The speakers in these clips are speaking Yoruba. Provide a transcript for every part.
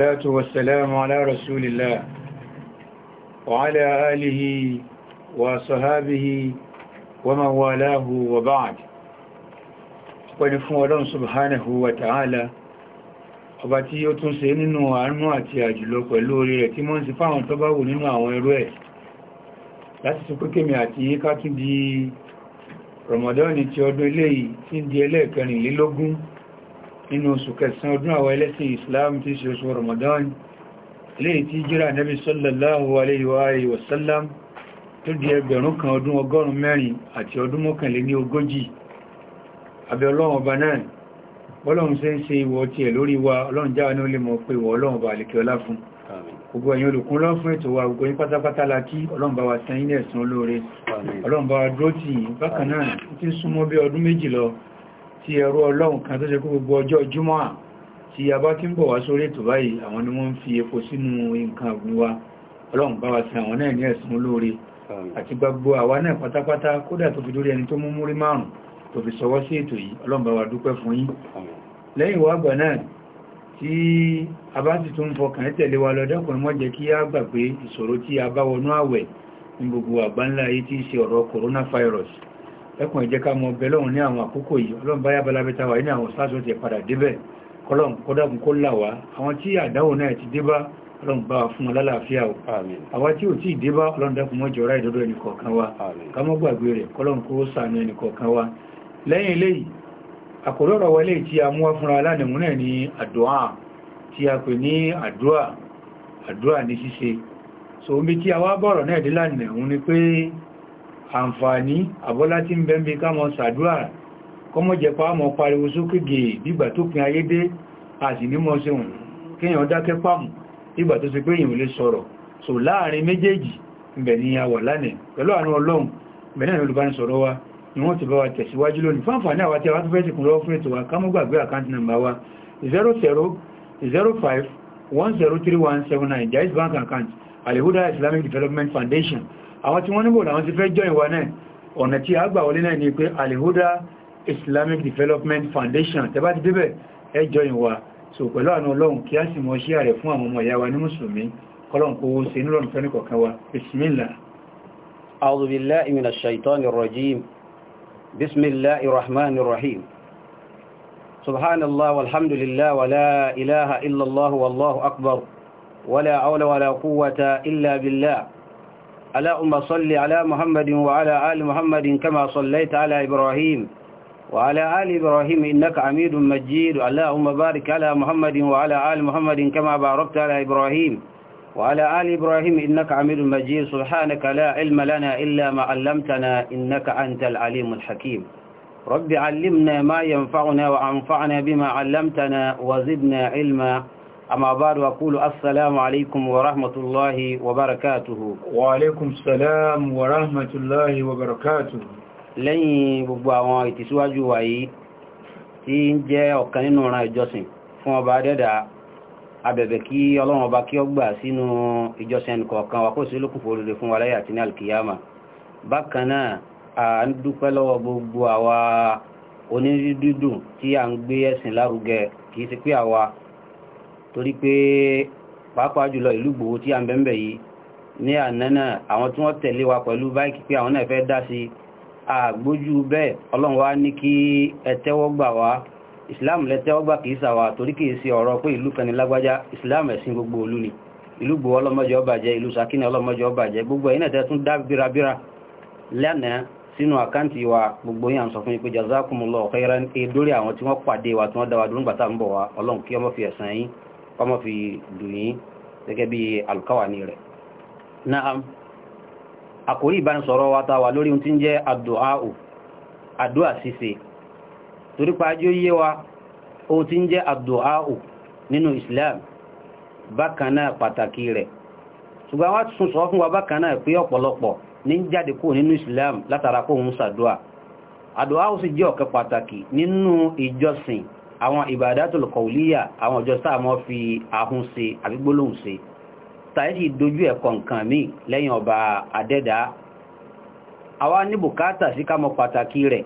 والصلاة والسلام على رسول الله وعلى آله وصحابه ومن والاه وبعد ونفو الله سبحانه وتعالى ọba tí ó tún ṣe nínú àánú àti àjùlọ pẹ̀lú orí rẹ̀ tí mọ́ ń ṣe fáwọn tó bá wù nínú àwọn ẹrú ẹ̀ láti sọ pékèmì àti yíká tún di Ramadan ti ọdún eléyìí tí ń di ẹlẹ́ẹ̀kẹrìnlélógún 14 nínú oṣù kẹsàn ọdún àwọn ẹlẹ́sìn islam tí ṣe oṣù ramadan léè tí jíra nabi sallallahu alaihi wa sallam tó di ẹgbẹ̀rún kan ọdún ọgọ́rùn mẹ́rin àti ọdún mọ́kànlé ní ogójì abẹ́ ọlọ́run ọba náà bọ́lọ́run ṣe ń ṣe ìwọ̀ tí ẹ̀ lórí wa ọlọ́run jáwà ní ó lè mọ̀ pé ìwọ̀ ọlọ́run ọba àlèkẹ́ ọlá fún gbogbo ẹ̀yin olùkún lọ fún ètò wa gbogbo yín pátápátá la kí wa san yín olóore ọlọ́run wa dúró tì yín bákan tí súnmọ́ bí ọdún méjì lọ ti ẹ̀rọ ọlọ́run kan tó ṣe kó gbogbo ọjọ́ júmọ́ à ti yàbá tí ń bọ̀ wá sórí ètò báyìí àwọn ni wọ́n ń fi epo sínú nǹkan ọ̀gbìn wa ọlọ́run bá wa sí àwọn náà ní ẹ̀sùn olóore àti gbogbo àwa náà pátápátá kódà tó fi dórí ẹni tó mú múrí márùn tó fi sọwọ́ sí ètò yìí ọlọ́run bá wa dúpẹ́ fún a bá sì tún fọkàn tẹ̀lé wa lọ dẹ́kùnrin mọ́ ẹkùn ìjẹ́ ká mọ ọbẹ̀ lọ́hùn ní àwọn àkókò yìí ọlọ́run báyá balabẹ́ta wà ní àwọn sáàsọ̀ ti padà débẹ̀ kọlọ́run kọ́dàkùn kó là wá àwọn tí àdáwò náà ti débá ọlọ́run bá fún wọn lálàáfíà o àwọn tí ò tí ì débá ọlọ́run dákun mọ́ jọra ìdọ́dọ̀ ẹnì kọ̀ọ̀kan wa ká mọ́ gbàgbé rẹ̀ kọlọ́run kó sànú ẹnì kọ̀ọ̀kan wa lẹ́yìn eléyìí àkòrí ọ̀rọ̀ wọlé tí a mú wá fúnra aláàdẹ̀mú náà ní àdúà tí a pè a wá bọ̀rọ̀ náà dé lánàá òun ni pé àǹfààní àbọ́lá tí ń bẹ́m̀bí kámọ sàdúrà kọmọ jẹpa mọ pariwo sókè gèè bígbà tó pin ayé dé àti nímọ̀ síhùn kíyàn dákẹ́ pàmù ìgbà tó ti pé èyàn lè sọ̀rọ̀ so láàrin méjèèjì ibẹ̀ ni a wà lánàá pẹ̀lú àánú ọlọ́run bẹ̀rẹ̀ ní olùbánisọ̀rọ̀ wa ni wọ́n ti bá wa tẹ̀síwájú lónìí fáǹfààní Bank Account Alihuda Islamic Development Foundation àwọn tí wọ́n níbò làwọn ti fẹ́ jọ ìwà náà ọ̀nà tí a gbà wọlé náà ni pé alihuda islamic development foundation tẹ́bá ti débẹ̀ ẹ jọ ìwà so pẹ̀lú àánú ọlọ́run kí a sì mọ́ sí ààrẹ fún àwọn ọmọ ìyá wa ní mùsùlùmí kọlọ̀n kó ṣe nílọ́nù fẹ́ nìkọ̀kan wa bismillah a'udhu billahi minash shaitanir rajim bismillahir rahmanir rahim subhanallah walhamdulillah اللهم صل على محمد وعلى آل محمد كما صليت على إبراهيم وعلى آل إبراهيم إنك عميد مجيد اللهم بارك على محمد وعلى آل محمد كما باركت على إبراهيم وعلى آل إبراهيم إنك عميد مجيد سبحانك لا علم لنا إلا ما علمتنا إنك أنت العليم الحكيم رب علمنا ما ينفعنا وأنفعنا بما علمتنا وزدنا علما أما بعد أقول السلام عليكم ورحمة الله وبركاته وعليكم السلام ورحمة الله وبركاته lẹ́yìn gbogbo àwọn ìtìsíwájú wa yìí tí ń jẹ́ ọ̀kan nínú ọ̀ràn ìjọsìn fún ọba adẹ́dà abẹ̀bẹ̀ kí ọlọ́run ọba kí ó gbà sínú ìjọsìn ẹnìkọ̀ọ̀kan wa kó sí olókùn fòrèrè fún waláyà àti ní alkiyama bákan náà a ń dúpẹ́ lọ́wọ́ gbogbo àwa onídídùn tí a ń gbé ẹ̀sìn lárugẹ kìí ṣe pé àwa torí pé pàápàá jùlọ ìlú gbòó tí a ń bẹ́ẹ̀ yìí ní ànánà àwọn tí wọ́n tẹ̀lé wa pẹ̀lú báìkì pé àwọn náà fẹ́ dá sí àgbójú bẹ́ẹ̀ ọlọ́run wá ní kí ẹ tẹ́wọ́ gbà wá islam lẹ tẹ́wọ́ gbà kìí sàwà torí kìí sí ọ̀rọ̀ pé ìlú kan ní lágbájá islam ẹ̀sìn gbogbo olú ni ìlú gbòó ọlọ́mọjọ́ ọbàjẹ́ ìlú sakínà ọlọ́mọjọ́ ọbàjẹ́ gbogbo ẹ̀yin náà tẹ́ tún dá bírabíra lẹ́nàá sínú àkáǹtì wa gbogbo yín à ń sọ fún yín pé jazakumullahu khairan ní pé lórí àwọn tí wọ́n pàdé wa tí wọ́n dá wa dúró ń gbàtà ń bọ̀ wa ọlọ́run kí ọmọ fi ẹ̀san yín kọ́mọ́ fi dùn yín gẹ́gẹ́ bí alukawani rẹ̀ náà àkórí ìbánisọ̀rọ̀ wa ta wà lórí ohun tí ń jẹ́ àdùáò àdúà ṣíṣe torípa ajó yé wa ohun tí ń jẹ́ àdùáò nínú Islam bákanáà pàtàkì rẹ̀ ṣùgbọ́n wá tún sọ fún wa bákanáà pé ọ̀pọ̀lọpọ̀ ní jáde kúrò nínú Islam látara kó ń ṣàdúà àdùáò sì jẹ́ ọ̀kan pàtàkì nínú ìjọsìn àwọn ìbàdátòl kọ̀wùlíyà àwọn ọjọ́ sáà mọ́ fi ahun ṣe àbí gbólóhùn ṣe tàí ti dojú ẹ̀kọ́ nǹkan míì lẹ́yìn ọba adẹ́dá àwa ní bùkátà sí ká mọ pàtàkì rẹ̀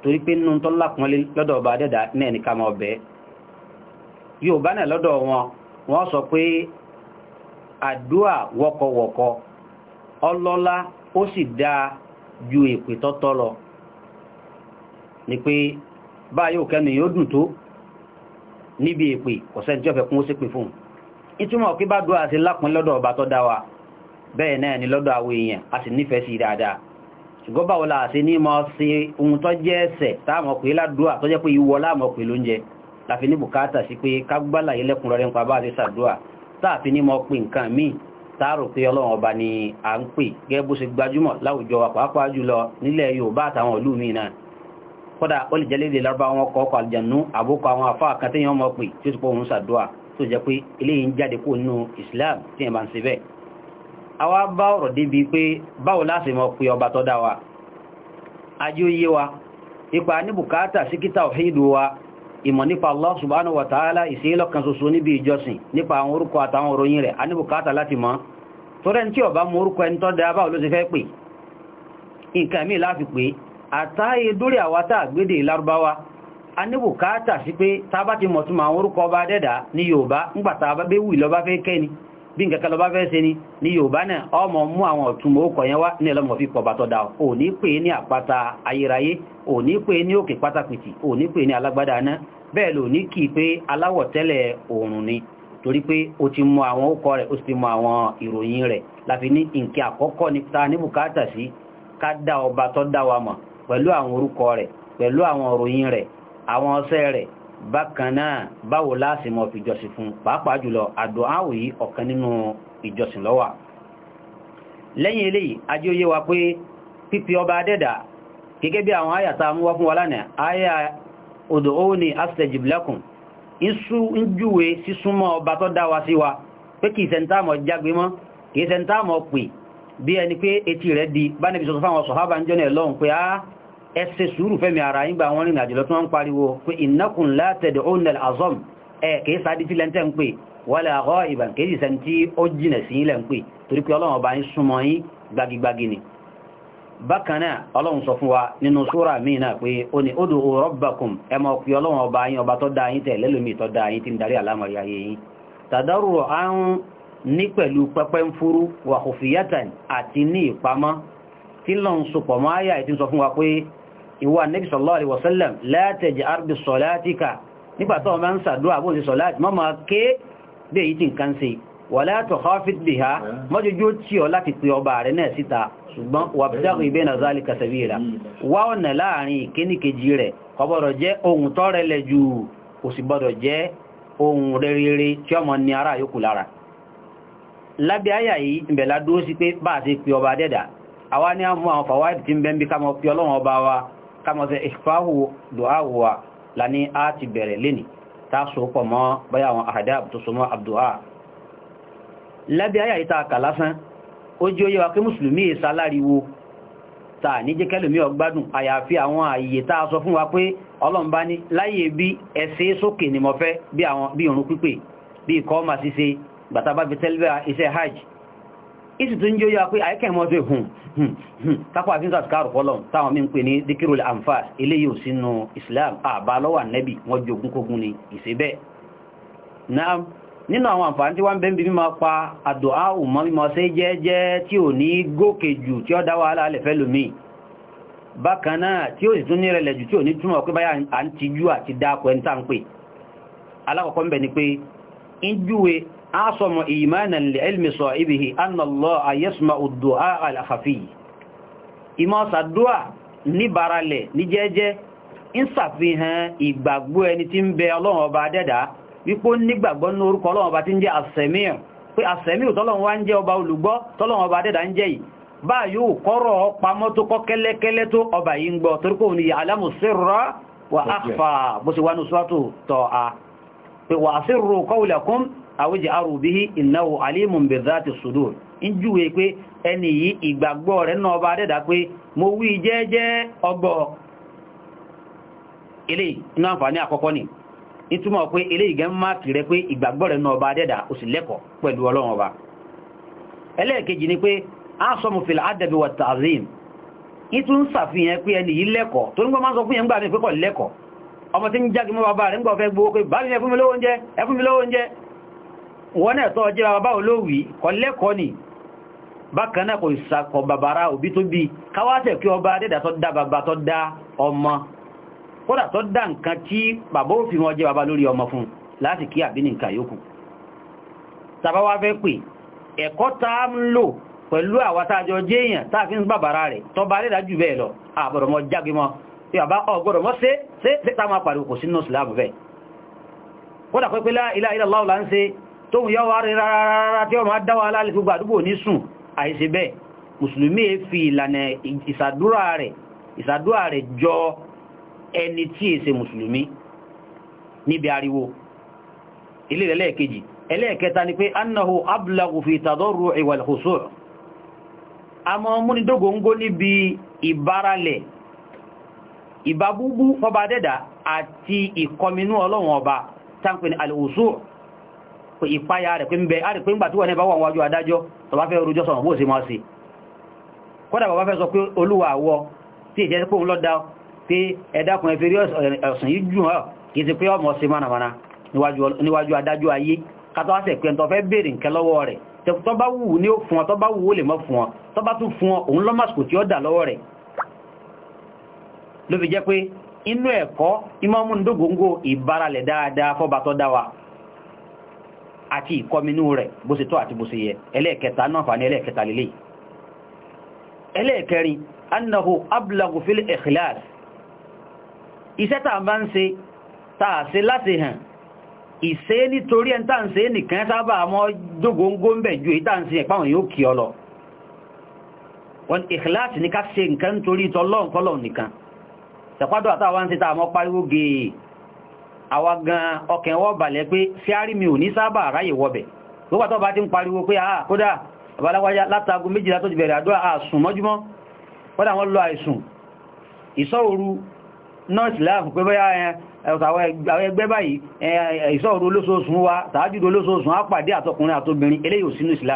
torí pé nínú tó lápọ́nlé lọ́dọ̀ ọba adẹ́dá náà ní ká mọ bẹ́ yorùbá náà lọ́dọ̀ wọn wọ́n sọ pé àdúà wọ́kọ̀wọ́kọ ọlọ́lá ó sì dáa ju èpè tọ́tọ́ lọ ni pé báyìí ò kẹ́ni yóò dùn tó níbi èpè ọ̀sẹ̀ tí ó fẹ́ kún ó sí pè fún ìtumọ̀ kí bá dúà sí lápín lọ́dọ̀ ọba tó dá wa bẹ́ẹ̀ náà ni lọ́dọ̀ àwọn èèyàn a sì nífẹ̀ẹ́ sí dáadáa ṣùgbọ́n báwo la ṣe ní mọ́ sí ohun tó jẹ́ ẹsẹ̀ táàmọ̀ pé ládùúà tó jẹ́ pé ìwọ láàmọ̀ pé lóúnjẹ láfi ní bùkátà sí pé kágbálà kódà ó lè jẹ́lé ilẹ̀ lárúbá wọn kọ́ ọkọ̀ àlùjànnú àbúkọ àwọn afá àkàtẹ́ yẹn mọ̀ pé tí ó ti pọ̀ òun sàdúà tó jẹ́ pé eléyìí ń jáde kó nínú Islam tí yẹn bá ń ṣe bẹ́ẹ̀ àwa bá ọ̀rọ̀ débi pé báwo láti mọ̀ pé ọba tó dá wa ajé oyé wa ipa ní bùkátà síkítà òhìdù wa ìmọ̀ nípa Allah subhanahu wa ta'ala ìṣẹ́lọ́kan ṣoṣo níbi ìjọsìn nípa àwọn orúkọ àtàwọn òròyìn rẹ̀ a ní bùkátà láti mọ̀ tó rẹ̀ tí ọba mú orúkọ ẹni tó báwo ló ti fẹ́ pè nǹkan mí láti pè àtàyè dórí àwátà gbédè lárúbáwá a ní bùkátà sí pé tábà ti mọ̀túnmà àwọn orúkọ bá dẹ́dà ní Yorùbá ńgbàtà abẹ́wì bá fẹ́ kẹ́ni bí lọ bá fẹ́ ṣe ni ní Yorùbá náà ọmọ mú àwọn ọ̀túnmọ̀ yẹn wá ní ẹlọ́mọ̀ fi ní ní àpáta ayérayé ní ní òkè pátápìtì ní ní alágbádá náà bẹ́ẹ̀ ni torí pé o ti mọ àwọn ókọ rẹ̀ o ti mọ àwọn ìròyìn rẹ̀ ta pẹ̀lú àwọn orúkọ rẹ̀ pẹ̀lú àwọn òròyìn rẹ̀ àwọn ọṣẹ́ rẹ̀ bákan náà báwo láti mọ̀ fi jọ́sìn fún pàápàá jùlọ àdùn áwò yìí ọ̀kan nínú ìjọsìn lọ́wà lẹ́yìn eléyìí ajóyé wa pé pípi ọba adẹ́dà gẹ́gẹ́ bí àwọn àyàta mú wá fún wa lánàá àyà odò ó ní astajib lakum isu ń júwe sísúnmọ́ ọba tó dá wa sí wa pé kìí sẹ́ntàmọ̀ jágbe mọ́ kìí sẹ́ntàmọ̀ pè bí ẹni pé etí rẹ̀ di bá níbi sọ fáwọn sọ̀hábà ń jọ́nà ẹ̀lọ́run pé á ah, ẹsẹ sùúrù fẹ́mi ara yín gba àwọn rìnrìn àjò tó ń pariwo pé innakum la tad'una al-azam ẹ̀ kìí sáàdì tí lẹ́ntẹ́ ń pè wala ghaiban kìí sẹ́ni tí ó jìnà sí ilẹ̀ ń pè torí pé ọlọ́run ọba yín súnmọ́ wa nínú súra míì náà pé ó ní ud'u rabbakum ẹ mọ̀ pé ọlọ́run ọba yín ọba tó dá yín tẹ̀ ní pẹ̀lú pẹ́pẹ́ ń fúrú wà kò fìyàtà àti ní ìpamọ́ tí lọ ń sopọ̀ mọ́ ayà ìtí sọ fún wa pé ìwà Nabi la taj'ar bi salatika nígbàtọ́ ọmọ ń sàdúrà bóòsì sọ̀láàtì mọ́ máa ké bí èyí tí nǹkan biha mọ́jújú tí ọ láti pè ọba rẹ̀ náà síta ṣùgbọ́n wabtaghi baina zalika sabila wá ọ̀nà láàrin ìkéníkejì rẹ̀ kò gbọ́dọ̀ jẹ́ ohun tọ́rẹlẹ̀ jù kò sì gbọ́dọ̀ jẹ́ ni ara yòókù lára lábẹ́ àyà yìí ìbẹ̀ ládúró sí pé bá àti pè ọba dẹ́dà àwa ní àwọn àwọn fàwáìdì tí ń bẹ́m̀bí ká mọ́ pí ọlọ́run ọba wa ká mọ́ sẹ ìfáhù dùháhùwà lání á ti bẹ̀rẹ̀ lẹ́nì tá a sopọ̀ mọ́ báyà àwọn àdáàbù tó somọ́ abdùhá lábẹ́ àyà yìí tá a kà lásán bí ni mo fẹ́ bí òrùn pípè bí ìkọ́ ọmọ ṣíṣe gbata bá fi tẹ́lẹ̀ iṣẹ́ hajj isi tún jó yá pé àìkẹ́mọ́ sí hùn tako àfihàn sàkàrù fọ́lọ̀ táwọn mí pè ní díkìrò anfas eléyìí sínú islam àbá lọ́wọ́ nẹ́bì wọ́n ni ìṣẹ́bẹ̀ náà nínú àwọn àǹfààní tí wọ́n bí mímọ́ pa mímọ́ sí jẹ́jẹ́ tí ò ní gòkè jù tí ó dá wàhálà alẹ́ fẹ́ lómi bákan náà tí ó sì tún jù tí ò ní pé báyà à ń tijú أعصم إيمانا لعلم صائبه أن الله يسمع الدعاء الخفي إما صدعاء níbaralẹ̀ ní إن ń sàfihàn ìgbàgbọ́ ẹni tí ń bẹ ọlọ́run ọba dẹ́dà wípó nígbàgbọ́ ní orúkọ ọlọ́run ọba tí ń jẹ́ àsẹ̀míọ̀ pé àsẹ̀míọ̀ tọ́lọ́run wá ń jẹ́ ọba olùgbọ́ tọ́lọ́run ọba dẹ́dà ń jẹ́ yìí bá yóò kọ́rọ̀ pamọ́ tó kọ́ kẹ́lẹ́kẹ́lẹ́ tó ọba yìí ń gbọ́ torí àwójì arùbíhí ìnáwó alímùn bèzáti sudur ń júwe pé ẹni yìí ìgbàgbọ́ rẹ̀ náà bá dẹ́dà pé mo wí jẹ́jẹ́ ọgbọ́ ilé iná àǹfààní àkọ́kọ́ ni ìtumọ̀ pé ilé ìgẹ́ pé ìgbàgbọ́ rẹ̀ náà bá dẹ́dà ó sì lẹ́kọ̀ọ́ pẹ̀lú ọlọ́run ọba ni a sọ mo fìlà ádẹ́bí wà tààzim ìtún ń sàfihàn pé ẹni yìí lẹ́kọ̀ọ́ tó nígbà máa sọ fún yẹn gbà wọ́n náà tọ́ jẹ́ bàbá olówí kọlẹ́kọ́ ni bákanáà kò ìsàkọ̀ bàbára òbí tó bí káwàtẹ̀ kí ọba adẹ́dà tó dá bàbá tó dá ọmọ kódà tó dá nǹkan tí bàbá ó fi wọn jẹ́ bàbá lórí ọmọ fún láti kí àbí nǹkan yòókù tàbáwá fẹ́ pè ẹ̀kọ́ tá a ń lò pẹ̀lú àwátájọ jéèyàn kódà pẹ́pẹ́lá ilá ilá láwùlá ń ṣe tóhun yọ́ wá rí rárára tí ọmọ dáwà aláàlẹ́ fún gbàdúgbò ní sùn àìsí bẹ́ẹ̀ mùsùlùmí fi ìlànà ìsàdúrà rẹ̀ ìsàdúrà rẹ̀ jọ ẹni tí è ṣe mùsùlùmí níbi ariwo ilé ẹlẹ́ẹ̀kejì ẹlẹ́ẹ̀kẹta ni pé annahu ablagu fi tàdọ́rù wal khushu' àmọ́ múnidógóngó níbi ìbáralẹ̀ pé ìpáyà rẹ̀ pé ń bẹ àrí pé ń gbà tí wọ́n ní bá wà wájú adájọ́ tó bá fẹ́ rojọ́ sọ̀rọ̀ bóò sí máa sí kódà bàbá fẹ́ sọ pé olúwa àwọ tí ìjẹ́ pé òun lọ́dá pé ẹ̀dàkùn ẹ̀fẹ́rí ọ̀sán yìí jù hàn kìí sí pé ọmọ sí mánàmáná níwájú adájọ́ ayé kátọ́ wáṣẹ̀ pé tó fẹ́ béèrè nǹkan lọ́wọ́ rẹ̀ tó bá àti ìkọminú rẹ̀ bó ṣe tọ́ àti bó ṣe yẹ ẹlẹ́ẹ̀kẹta náà fà ní ẹlẹ́ẹ̀kẹta lélẹ̀ ẹlẹ́ẹ̀kẹrin annahu ablagu fil ikhlas iṣẹ́ tàà bá ń ṣe tàà ṣe láti hàn ìṣe nítorí ẹn tàà ń ṣe nìkan sábà mọ́ jógóngó ń bẹ̀ ju èyí tàà ń ṣe ẹ̀páwọn yóò kí ọ lọ wọn ìkìláàsì ní ká ṣe nǹkan nítorí tọlọ́nkọlọ́ nìkan ṣẹ̀pádọ́ àtàwọn ń ṣe tàà mọ́ pariwo gèè àwa gan ọkàn wọ́n balẹ̀ pé síárì mi ò ní sábà ráyè wọ́bẹ̀ tó bá ti ń pariwo pé àà ah, kódà àbáláwájá látago méjìlá tó ti bẹ̀rẹ̀ àdúrà àsùn mọ́júmọ́ kódà wọ́n lọ àìsùn ìṣọ́òru nọ́ọ̀sì láàfù pé bóyá eh, àwọn ẹgbẹ́ báyìí eh, ìṣọ́òru olóṣooṣùn wa tàájúdó olóṣooṣùn á pàdé àtọkùnrin àtobìnrin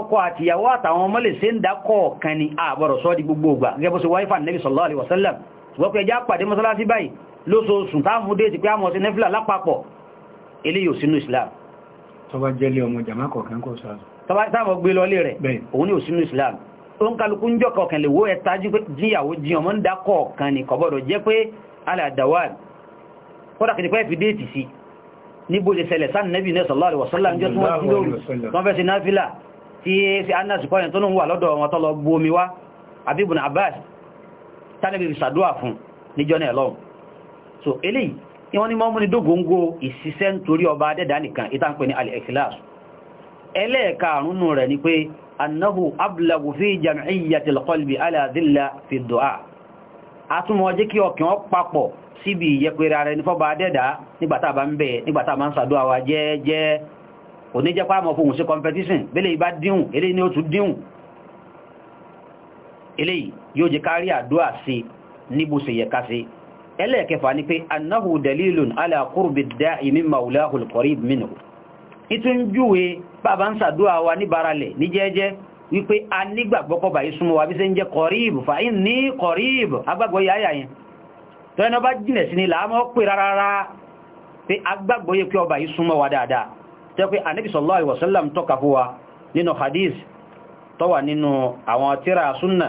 ọkọ àtàwọn ọmọ lè ṣe ń dákọ̀ọ̀kan ni àbọ̀rọ̀ sọ́ di gbogbo ògbà wáífà nílẹ̀ wọ́pẹ́ ẹjá pàdé mọ́sálásí báyìí lóṣooṣù táàmù dé ti pé àmọ́ sí nẹ́fìlà lápapọ̀ eléyìí ò sínú islam tọba jẹ́lé ọmọ jàmá kọ̀ọ̀kan kọ̀ sáà tọba sáàmọ̀ islam ó ń kálukú ń jọ kọ̀ọ̀kan lè wó ẹta jíyàwó jí ọmọ ń dá kọ̀ọ̀kan ní kọ̀bọ̀dọ̀ jẹ́ pé aládàwàl kódà kìí pẹ́ fi déètì sí níbo lè ṣẹlẹ̀ sáà nẹ́bì náà sallallahu alaihi wasallam jọ tí wọ́n abbas tánàbí ìṣàdúwà fún níjọ́ náà lọ́wọ́ so eléyìí ìwọ́n ni mọ́mú ní dógóngó ìṣiṣẹ́ nítorí ọba adẹ́dà nìkan ìtànpẹ́ ní al-ikhlas ẹlẹ́ẹ̀kaàrúnnù rẹ̀ ni pé annahu ablagu fi jam'iyyati al-qalbi ala dhilla fi du'a atúmọ̀ jẹ́ kí ọkàn papọ̀ síbi ìyẹpẹrẹ ara ẹni fọ́ba adẹ́dà nígbàtà bá ń bẹ̀ nígbàtà máa ń sàdúrà wa jẹ́ẹ́jẹ́ oníjẹ́pá mọ̀ fohùn sí competition bẹ́lẹ̀ ìbá díhùn eléyìí ni ó tún díhùn eléyìí yóò jẹ́ kárí àdúà sí níbo ṣe yẹ ká sí ẹlẹ́ẹ̀kẹfà ni pé annahu dalilun ala qurbi da'i min maulahu alqarib minhu ìtún júwe bàbá ń sàdúà wa níbaralẹ̀ ní jẹ́ẹ́jẹ́ wípé a nígbàgbọ́ kọba yìí súnmọ́ wa bí ṣe ń jẹ́ qarib fa inni qarib agbàgbọ́ yà yà yẹn tọ́yẹn ọba jìnà sí ni làámọ́ pè rárá pé agbàgbọ́ yẹ pé ọba yìí súnmọ́ wa dáadáa tẹ́ pé Ànábì sallallahu alaihi tọ́ka fún wa nínú hadith tọ́wà nínú àwọn tíra súnnà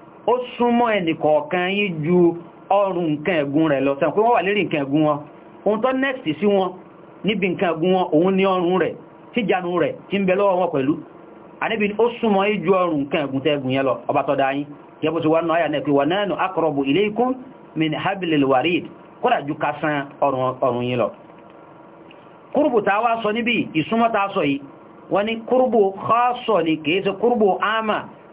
ó súnmọ́ ẹnìkọ̀ọ̀kan yí ju ọrùn nǹkan ẹ̀gún rẹ̀ lọ sẹ́wọ̀n pé wọ́n wà lérí nǹkan ẹ̀gún wọn ohun tó next sí wọn níbi nǹkan ẹ̀gún wọn òun ní ọrùn rẹ̀ tí ìjánu rẹ̀ tí ń bẹ lọ́wọ́ wọn pẹ̀lú àníbi ó súnmọ́ yí ju ọrùn nǹkan ẹ̀gún tẹ́gùn yẹn lọ ọba tọ́da yín yẹ́bù ti wá náà yà náà pé wà náà nù aqrabu ilaykum min hablil warid kódà ju kásán ọrùn yín lọ kúrùbù tá wá sọ níbi ìsúnmọ́ tá sọ yìí wọ́n ní kúrùbù khaso ni kìí ṣe kúrùbù ama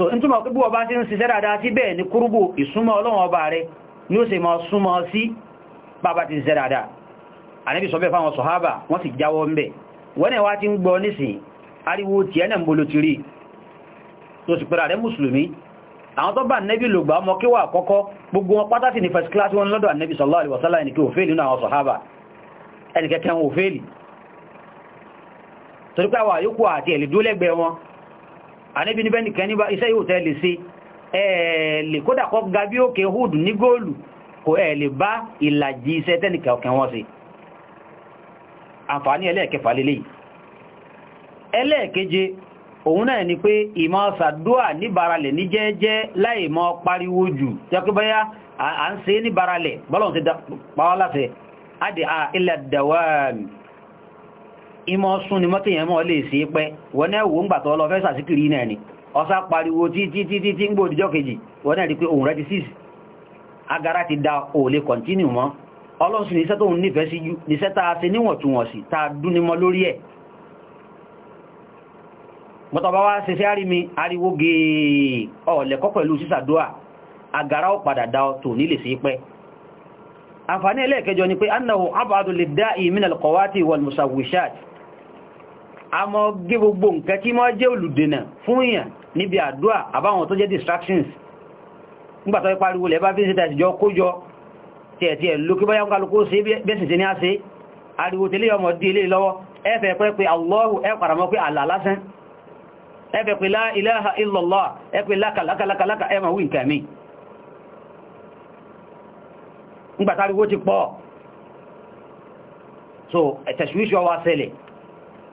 so n túnmọ̀ pípọ̀ ọba tí ń ṣiṣẹ́ dáadáa tí bẹ́ẹ̀ ní kúrúgbò ìsúnmọ́ ọlọ́run ọba rẹ̀ ni ó ṣe mọ́ súnmọ́ sí bàbá ti ṣiṣẹ́ dáadáa àníbì sọ bẹ́ẹ̀ fáwọn sọ̀hábà wọ́n sì jáwọ́ ń bẹ̀ wọ́n ẹ̀wà ti ń gbọ́ nísìn ariwo tí ẹ̀nà ń bolo ti rí tó sì pẹ̀rẹ̀ mùsùlùmí àwọn tó bá torípé àwọn àyókù àti ẹ̀lẹ́dúólẹ́gbẹ̀ẹ́ wọn àníbi níbẹ̀ nìkan níbà iṣẹ́ yóò tẹ́ lè ṣe ẹ̀ẹ̀lẹ̀ kódà kọ́ ga bí òkè hood ní góòlù kò ẹ̀ lè bá ìlàjì iṣẹ́ tẹ́nìkà ọ̀kẹ́ wọn sí àǹfààní ẹlẹ́ẹ̀kẹfà lélẹ̀ ẹlẹ́ẹ̀keje òun náà ni pé ìmọ̀ sàdúà níbaralẹ̀ ní jẹ́ẹ́jẹ́ láì mọ́ pariwo jù jẹ́kúbáyá ìmọ̀ sún ni mọ́tò yẹn mọ́ lè sí pẹ́ wọ́n náà wò ń gbà tọ́ lọ fẹ́ sàsíkiri náà ni ọsá pariwo títí títí tí ń gbò òdìjọ́ kejì wọ́n náà rí pé òun rẹ̀ ti sís agara ti da ò lè kọ̀ntínù mọ́ ọlọ́sùn ní iṣẹ́ tó ń nífẹ̀ẹ́ sí ju níṣẹ́ tá a ṣe níwọ̀ntúnwọ̀nsì tá ni pé a mọ́ gé gbogbo nǹkan kí mọ́ jẹ́ olùdènà fún èèyàn níbi àdúà àbáwọn tó jẹ́ distractions nígbàtọ́ ìpariwo lẹ́ bá fi ń ṣe tàìsìjọ kójọ tẹ̀ẹ̀tì ẹ̀ lókè báyá ń kálukú sí ní ariwo tẹ́lẹ̀ ọmọ ilaha so wa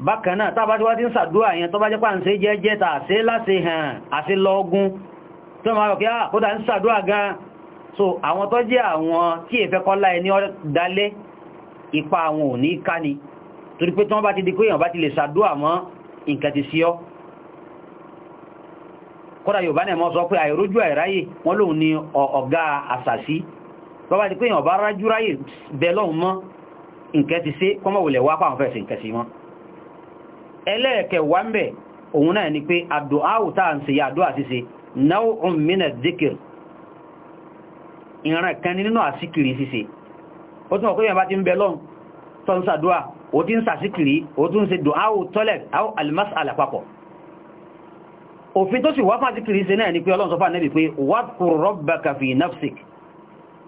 bákanáà tàbá tí wá ti ń sàdúrà yẹn tó bá jẹ́ pà ń ṣe jẹ́jẹ́ tà sí láti hàn àti lọ́gún tó máa rọ̀kí àkódà ah, ń sàdúrà gan so àwọn tó jẹ́ àwọn tí èfẹ́ kọ́lá ẹni dalé ipa àwọn ò ní ká ni torí pé tí wọ́n bá ti di pé èèyàn bá ti lè sàdúrà mọ́ nǹkan ti sí ọ́ kódà Yorùbá náà mọ́ sọ pé àìrójú àìráyè wọ́n lòun ni ọ̀gá àṣàsí tó bá ti pé èèyàn bá rájú ráyè bẹ́ẹ̀ lọ́hùn mọ́ nǹkan ti sí kọ́mọ̀wòlẹ̀ wá pàwọn fẹ́ nǹkan sí mọ́ ẹlẹ́ẹ̀kẹwàá ń bẹ̀ òun náà ni pé àdúà táà ń ṣe yà àdúà ṣíṣe náà mìnà díkìr ìran kan nínú àsíkìrì ṣíṣe ó tún ọkọ̀ yẹn bá ti ń bẹ lọ́n tó ń sàdúà ó ti ń sàsíkìrì ó tún ṣe dùn áwò tọ́lẹ̀ áwò almas alapapọ̀ òfin tó sì wá fún àsíkìrì náà ni pé ọlọ́run sọ fún ànẹ́bì pé wàkùrọ̀bàkà fi nafsik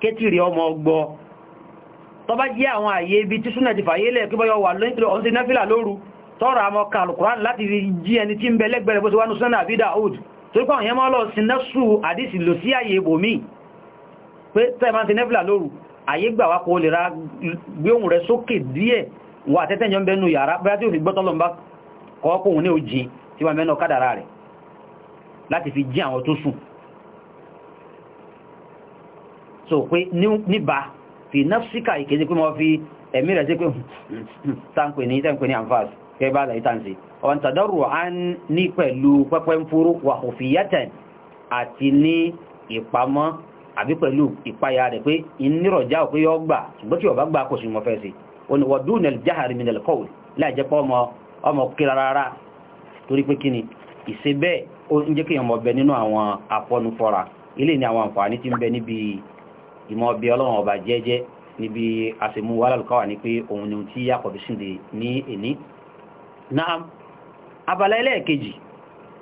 kétìrí ọmọ ọgbọ́ tó bá jẹ́ àwọn àyè ibi tí súnà ti fàyé lẹ̀ kí bọ́yọ wà lóyìnbó ọ̀n sí náfílà lóru tọ́rọ àmọ́ kàlùkùrán láti jí ẹni tí ń bẹ lẹ́gbẹ̀rẹ̀ bó ti wá ní súnà àbídà old torí pàwọn yẹn mọ́ lọ sí nẹ́sù àdísì lò sí àyè ibòmí pé tẹ́ẹ̀má ti náfílà lóru àyè gbà wá kó lè ra gbé ohun rẹ̀ sókè díẹ̀ wà tẹ́tẹ́ jọ ń bẹnu yàrá bóyá so pé níbà fi nafsika ìkéde pé wọ́n fi ẹ̀mí rẹ̀ sí pé tánpè ní tánpè ní anfas kẹ́ bá àlàyé tánṣe ọ̀n tàdọ́rù á ní pẹ̀lú pẹ́pẹ́ ń fúrú wà kò fi yẹ́tẹ̀ àti ní ìpamọ́ àbí pẹ̀lú ìpayà rẹ̀ pé ìnírọ̀já ò pé yọ gbà ṣùgbọ́n tí ọba gbà kò sí mọ́ fẹ́ sí ó ní wọ́dún nẹ̀lì jáhàrí mi nẹ̀lì kọ́wì láìjẹ́ pọ́ ọmọ ọmọ kíra rárá torí pé kí ni ìṣe bẹ́ẹ̀ ó ń jẹ́ kí èèyàn mọ̀ bẹ nínú àwọn àfọnufọ́ra ilé ní àwọn àǹfààní tí ń bẹ níbi ìmọ̀ ọbẹ̀ ọlọ́run ọba jẹ́jẹ́ níbi àṣemú wàhálà wà ní pé òun ni tí yà kọ̀bí síndè ní èní náà abala ẹlẹ́ẹ̀kejì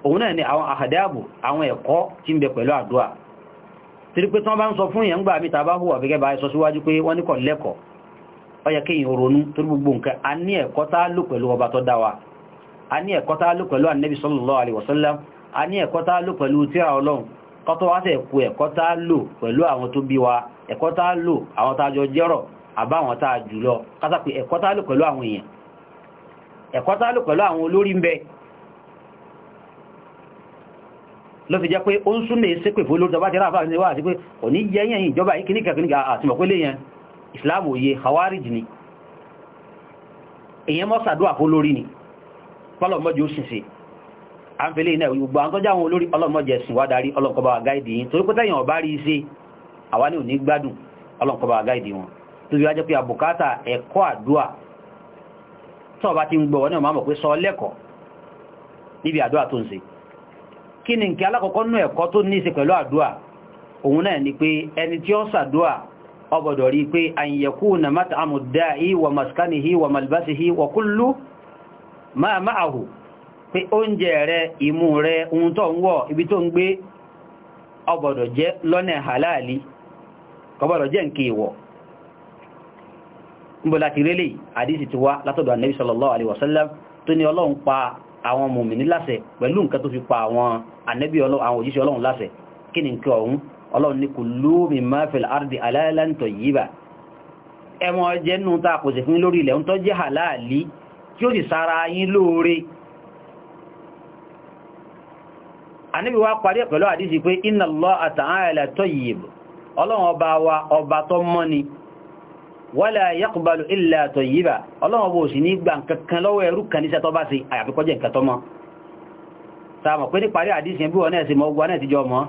òun náà ni àwọn àhàdáàbò àwọn ẹ̀kọ́ tí ń bẹ pẹ̀lú àdúà pé bá ń sọ fún gbà hùwà gẹ́gẹ́ bá sọ síwájú pé wọ́n ní kọ̀ a a a kọ́tọ́ wá tẹ̀ kú ẹ̀kọ́ tá a lò pẹ̀lú àwọn tó bí wa ẹ̀kọ́ tá a lò àwọn tá a jọ jẹ́rọ̀ àbá àwọn tá a jù lọ kásá pé ẹ̀kọ́ tá a lò pẹ̀lú àwọn èèyàn ẹ̀kọ́ tá a lò pẹ̀lú àwọn olórí ń bẹ ló fi jẹ́ pé ó ń súnmọ̀ èsé pè fún olóòtọ́ ni èyàn mọ́ sàdúà lórí a ń fẹ́lẹ̀ iná gbogbo àwọn n àwọn olórí ọlọ́mọdé ẹ̀sùn wá darí ọlọ́nkọba wa gáìdì yín torí pé ise ọ̀bá rí iṣẹ́ àwa ní òní gbádùn ọlọ́nkọba wa gáìdì wọn tó fi wájẹ́ pé àbùkátà ẹ̀kọ́ àdúà ti ń gbọ́ ni nǹkan alákọ̀ọ́kọ́ nú pé oúnjẹ rẹ ìmú rẹ ohun tó ń wọ̀ ibi tó ń gbé ọgbọ̀dọ̀ jẹ́ lọ́nà halali kọgbọ̀dọ̀ jẹ́ nke ìwọ̀ níbo láti rélẹ̀ àdísì ti wá látọ̀dọ̀ Ànábì sallallahu alaihi jẹ́ nù tá a pèsè fún lórí ilẹ̀ ń tọ́jẹ́ halali tí ó sì sára yín lóore ànábì wa parí ẹ̀ pẹ̀lú àdísì pé inna Allaha ta'ala tayyib ọlọ́run ọba wa ọba tó mọ́ ni wala yaqbalu illa tayyiba ọlọ́run ọba ò sì ní gbà kankan lọ́wọ́ ẹrú kan níṣẹ́ tó bá ṣe àyàfi kó jẹ́ nǹkan tó mọ́ sáàmọ̀ pé ní parí àdísì bí wọn náà ṣe mọ́ ogun náà ti jọ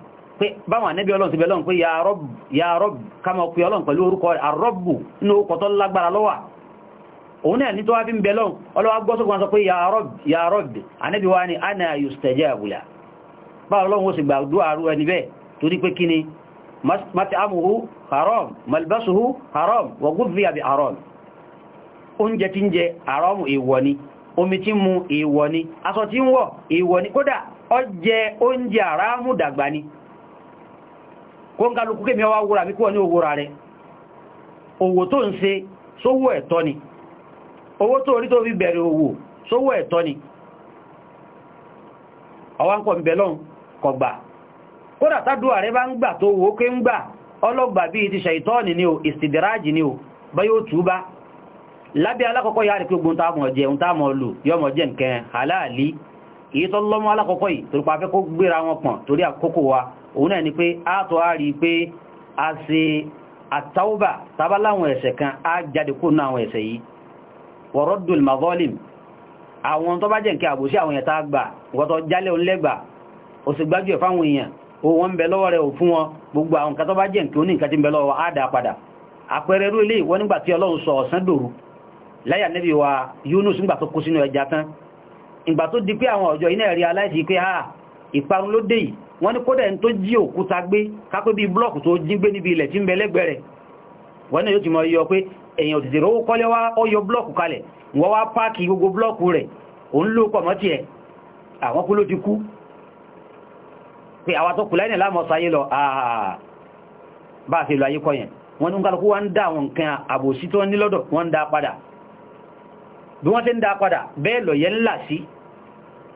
pé báwọn ànẹ́bí ọlọ́run ti bẹ̀ lọ́run pé ya rọ́b kama ọkùnrin ọlọ́run pẹ̀lú orúkọ àrọ́bù inú orúkọ tó lágbára lọ́wà òun náà ní tó wá fi ń bẹ̀ lọ́run ọlọ́wà gbọ́sọ́gbọ́n sọ pé ya rọ́b ànẹ́bí wá ní ana yustajabu la báwọn ọlọ́run ó sì gbà dúà rú ẹni haram malbasuhu haram wa ghudhiya bi haram oúnjẹ tí haram èèwọ̀ dàgbà ni kó ń kémi ọwá wúra mi kúrò ní owó rẹ̀ owó tó ń ṣe sówó ẹ̀tọ́ ni owó tó orí tó fi bẹ̀rẹ̀ owó sówó ẹ̀tọ́ ni ọwá ń kọ̀ kọgbà kódà bá ń gbà tó ké ń gbà ọlọ́gbà bí ti ni o ìsìdìrájì ni o bá yóò túbá lábẹ́ alákọ̀ọ́kọ́ yìí torípa fẹ́ kó gbéra òun náà ni pé àtọ́ á rí pé a ṣe àtàwùbà tàbá láwọn ẹ̀ṣẹ̀ kan a jáde kó náà àwọn ẹ̀ṣẹ̀ yìí wọ̀rọ̀dùl mazolim àwọn tó bá jẹ́ nkẹ́ àbòsí àwọn ẹ̀ta gbà wọ́tọ̀ jálẹ̀ onílẹ́gbà ó sì gbájú ẹ̀ fáwọn èèyàn òun ń bẹ lọ́wọ́ rẹ̀ ò fún wọn gbogbo àwọn wa Yunus ngbà tó kó sínú ẹja tán ìgbà tó di pé àwọn ọjọ́ ah, ìparun ló dé yìí wọ́n ní kódà ẹni tó jí òkúta gbé kápé bí blọ́ọ̀kù tó jí gbé níbi ilẹ̀ tí ń bẹ lẹ́gbẹ̀rẹ̀ wọ́n náà yóò ti mọ̀ yọ pé èyàn òtìtì rówó kọ́lé wá ó yọ blọ́ọ̀kù kalẹ̀ wọ́n wá páàkì gbogbo blọ́ọ̀kù rẹ̀ òun ló pọ̀ mọ́ tiẹ̀ àwọn kú ló ti kú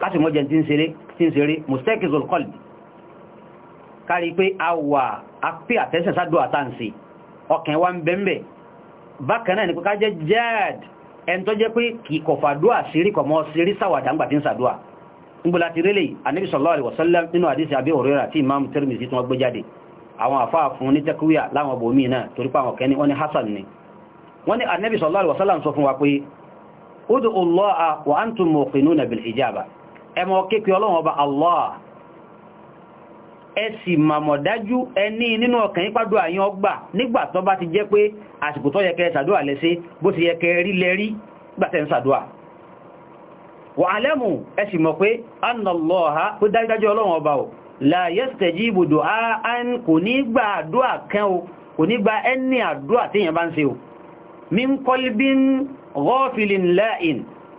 káti mọ́jẹ tí ń seré tí ń seré mustekizul qalb kárí pé a wà á pé àtẹ́sẹ̀ sádùn àtàǹsì ọkàn wa ń bẹ́m̀bẹ̀ bákan náà ni pé ká jẹ́ jad ẹni tó jẹ́ pé kì kọ̀ fàdúà sírí kọ̀ mọ́ sírí sàwàdà ńgbà tí ń sàdúà ńgbòlá ti rélẹ̀ Ànábì sallallahu alaihi wasallam nínú àdísì Abi Hurairah tí Imam Tirmidhi tí wọ́n gbé jáde àwọn àfáà fún ní tẹ́kúyà láwọn bòmí náà ẹmọ kéèkì ọlọ́run ọba Allah ẹ sì màmọ̀ dájú ẹni nínú ọkàn yín pàdó àyín ọgbà nígbà tó bá ti jẹ́ pé àsìkò tó yẹ kẹ́ ṣàdúà lẹ́sẹ̀ bó ti yẹ kẹ́ rí lẹ́rí gbàtẹ́ ń ṣàdúà wà alẹ́mù ẹ sì mọ̀ pé annàlọ́ha pé dájúdájú ọlọ́run ọba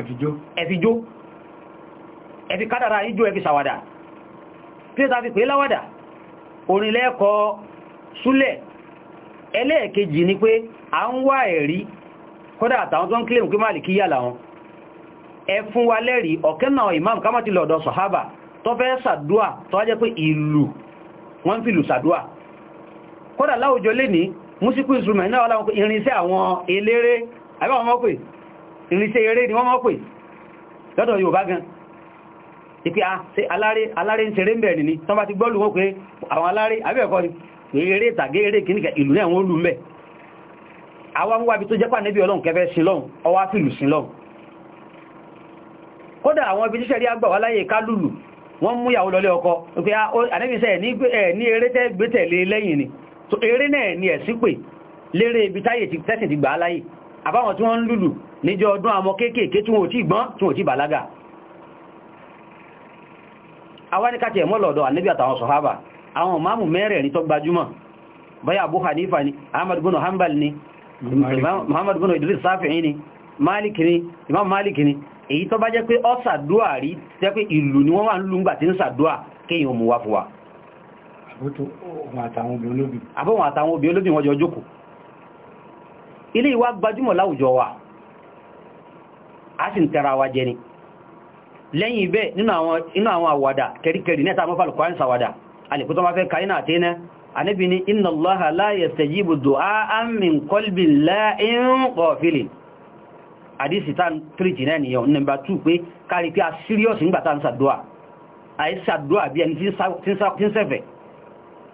ẹ̀fìjó ẹ̀fì kádàrà ìjó ẹ̀fì sàwádà tí ó tàbí pé láwádà orinlẹ́ẹ̀kọ́ súlẹ̀ ẹlẹ́ẹ̀kejì ni pé a ń wá ẹ̀rí kódà àtàwọn tó ń kílèmù pé máàlì kíyà làwọn ẹ fún wa lẹ́rí ọ̀kẹ́nà imam kámọ́tí lọ́dọ̀ sọ̀hábà tó fẹ́ sàdúà tó wájẹ́ pé ìlú wọ́n fi lù sàdúà kódà láwùjọ lè ní músíkù instrument náà wọ́n irinṣẹ́ eré ni wọ́n mọ́ pè lọ́dọ̀ Yorùbá gan ìpé ah, aláré ń ṣeré ń bẹ̀rẹ̀ ní tán bá ti gbọ́lù wọ́n pé àwọn aláré abẹ́ẹ̀kọ́ ni eré ìtàgé eré kìníkà ìlú náà wọ́n lù mẹ́ àwọn ń wábi tó jẹ́pà níbi ọlọ́run kẹfẹ́ sí lọ́run ọwá fìlù sí lọ́run kódà àwọn ibi tíṣẹ̀rí àgbà wá láyé ká ah, so eré náà ni ẹ̀sí pè lérè ibi táyè tẹ́sìn ti gbà á láyé àbáwọn tí wọ́n ń lùlù níjọ ọdún àmọ́ kéékèèké tí wọ́n ti gbọ́n tí wọ́n ti bàlágà awáríkàtí ẹ̀mọ́ lọ́dọ̀ ànábì àtàwọn sọ̀hábà àwọn máàmù mẹ́rẹ̀ẹ̀rin tó gbajúmọ̀ báyà Abu Hanifa ni Ahmad bin Hanbal ni Muhammad bin Idris Safi'i ni Malik ni Imam Malik ni èyí tó bá jẹ́ pé ọ́ sàdúà rí jẹ́ pé ìlú ni wọ́n wà ń lú ńgbà tí ń sàdúà kéèyàn mú wá fún ilé ìwà gbajúmọ̀ láwùjọ wa a sì ń tẹ́ra wa jẹ ni lẹ́yìn ibẹ̀ nínú àwọn àwàdà kẹrìkẹrì ní ẹ̀ta mọ́fà lùkwáyín sàwàdà alìkútọ́ máa fẹ́ kàínà àti iná anábi ni inna allaha la yastajibu du'a min qalbin la'in qafilin àdísì tá ń tírìtì náà nìyàn nígbà tú pé kárí pé a síríọ̀sì nígbà tá ń sàdúà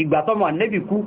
ìgbà tọ́mọ